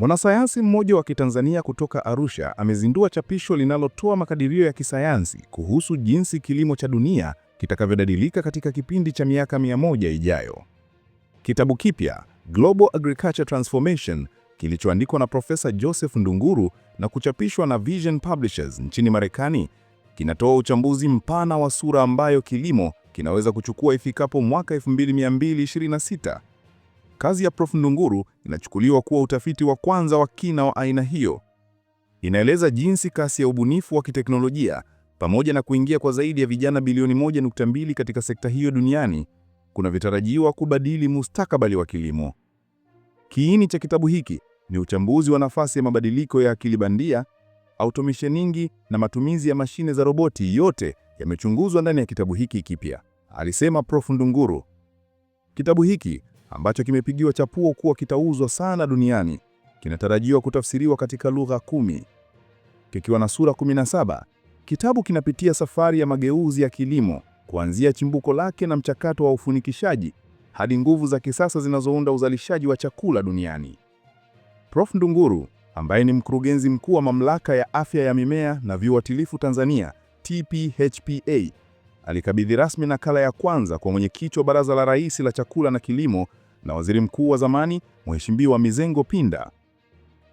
Mwanasayansi mmoja wa Kitanzania kutoka Arusha amezindua chapisho linalotoa makadirio ya kisayansi kuhusu jinsi kilimo cha dunia kitakavyobadilika katika kipindi cha miaka 100 ijayo. Kitabu kipya Global Agriculture Transformation kilichoandikwa na Profesa Joseph Ndunguru na kuchapishwa na Vision Publishers nchini Marekani kinatoa uchambuzi mpana wa sura ambayo kilimo kinaweza kuchukua ifikapo mwaka 2226 Kazi ya Prof Ndunguru inachukuliwa kuwa utafiti wa kwanza wa kina wa aina hiyo. Inaeleza jinsi kasi ya ubunifu wa kiteknolojia pamoja na kuingia kwa zaidi ya vijana bilioni mbili katika sekta hiyo duniani kunavyotarajiwa kubadili mustakabali wa kilimo. Kiini cha kitabu hiki ni uchambuzi wa nafasi ya mabadiliko ya akili bandia, automisheningi na matumizi ya mashine za roboti, yote yamechunguzwa ndani ya kitabu hiki kipya, alisema Prof Ndunguru. Kitabu hiki ambacho kimepigiwa chapuo kuwa kitauzwa sana duniani, kinatarajiwa kutafsiriwa katika lugha kumi. Kikiwa na sura 17, kitabu kinapitia safari ya mageuzi ya kilimo kuanzia chimbuko lake na mchakato wa ufunikishaji hadi nguvu za kisasa zinazounda uzalishaji wa chakula duniani. Prof. Ndunguru ambaye ni mkurugenzi mkuu wa Mamlaka ya Afya ya Mimea na Viuatilifu Tanzania, TPHPA, alikabidhi rasmi nakala ya kwanza kwa mwenyekiti wa Baraza la Rais la Chakula na Kilimo na waziri mkuu wa zamani Mheshimiwa Mizengo Pinda.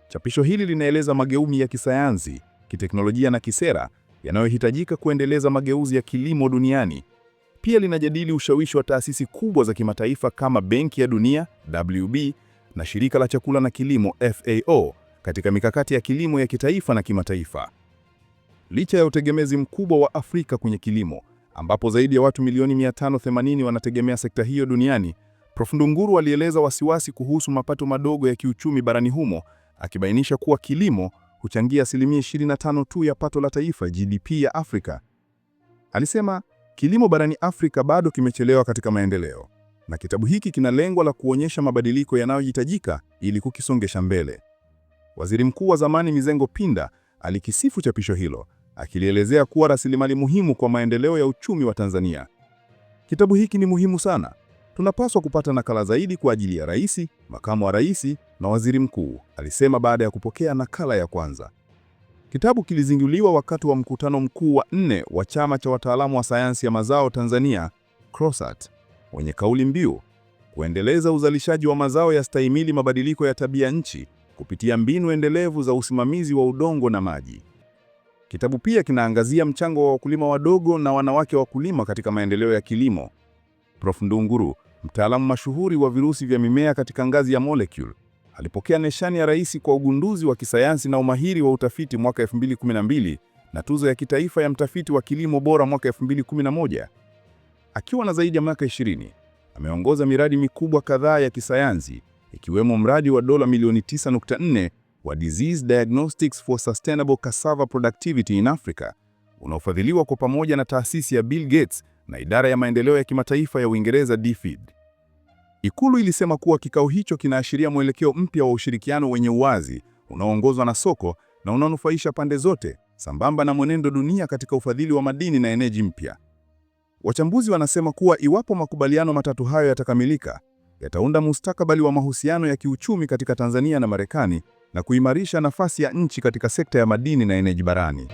Chapisho hili linaeleza mageumi ya kisayansi, kiteknolojia na kisera yanayohitajika kuendeleza mageuzi ya kilimo duniani. Pia linajadili ushawishi wa taasisi kubwa za kimataifa kama Benki ya Dunia WB na Shirika la Chakula na Kilimo FAO katika mikakati ya kilimo ya kitaifa na kimataifa. Licha ya utegemezi mkubwa wa Afrika kwenye kilimo, ambapo zaidi ya watu milioni 580 wanategemea sekta hiyo duniani, Prof. Ndunguru alieleza wasiwasi kuhusu mapato madogo ya kiuchumi barani humo, akibainisha kuwa kilimo huchangia asilimia 25 tu ya pato la taifa GDP ya Afrika. Alisema kilimo barani Afrika bado kimechelewa katika maendeleo, na kitabu hiki kina lengo la kuonyesha mabadiliko yanayohitajika ili kukisongesha mbele. Waziri Mkuu wa zamani Mizengo Pinda alikisifu chapisho hilo, akilielezea kuwa rasilimali muhimu kwa maendeleo ya uchumi wa Tanzania. Kitabu hiki ni muhimu sana tunapaswa kupata nakala zaidi kwa ajili ya rais, makamu wa rais na waziri mkuu, alisema baada ya kupokea nakala ya kwanza. Kitabu kilizinduliwa wakati wa mkutano mkuu wa nne wa chama cha wataalamu wa sayansi ya mazao Tanzania, CROSAT, wenye kauli mbiu kuendeleza uzalishaji wa mazao yastahimili mabadiliko ya tabia nchi kupitia mbinu endelevu za usimamizi wa udongo na maji. Kitabu pia kinaangazia mchango wa wakulima wadogo na wanawake wakulima katika maendeleo ya kilimo. Prof. Ndunguru mtaalamu mashuhuri wa virusi vya mimea katika ngazi ya molecule, alipokea neshani ya rais kwa ugunduzi wa kisayansi na umahiri wa utafiti mwaka 2012 na tuzo ya kitaifa ya mtafiti wa kilimo bora mwaka 2011. Akiwa na zaidi ya miaka 20, ameongoza miradi mikubwa kadhaa ya kisayansi ikiwemo mradi wa dola milioni 9.4 wa Disease Diagnostics for Sustainable Cassava Productivity in Africa unaofadhiliwa kwa pamoja na taasisi ya Bill Gates na idara ya maendeleo ya kimataifa ya Uingereza DFID. Ikulu ilisema kuwa kikao hicho kinaashiria mwelekeo mpya wa ushirikiano wenye uwazi unaoongozwa na soko na unaonufaisha pande zote, sambamba na mwenendo dunia katika ufadhili wa madini na eneji mpya. Wachambuzi wanasema kuwa iwapo makubaliano matatu hayo yatakamilika, yataunda mustakabali wa mahusiano ya kiuchumi katika Tanzania na Marekani na kuimarisha nafasi ya nchi katika sekta ya madini na eneji barani.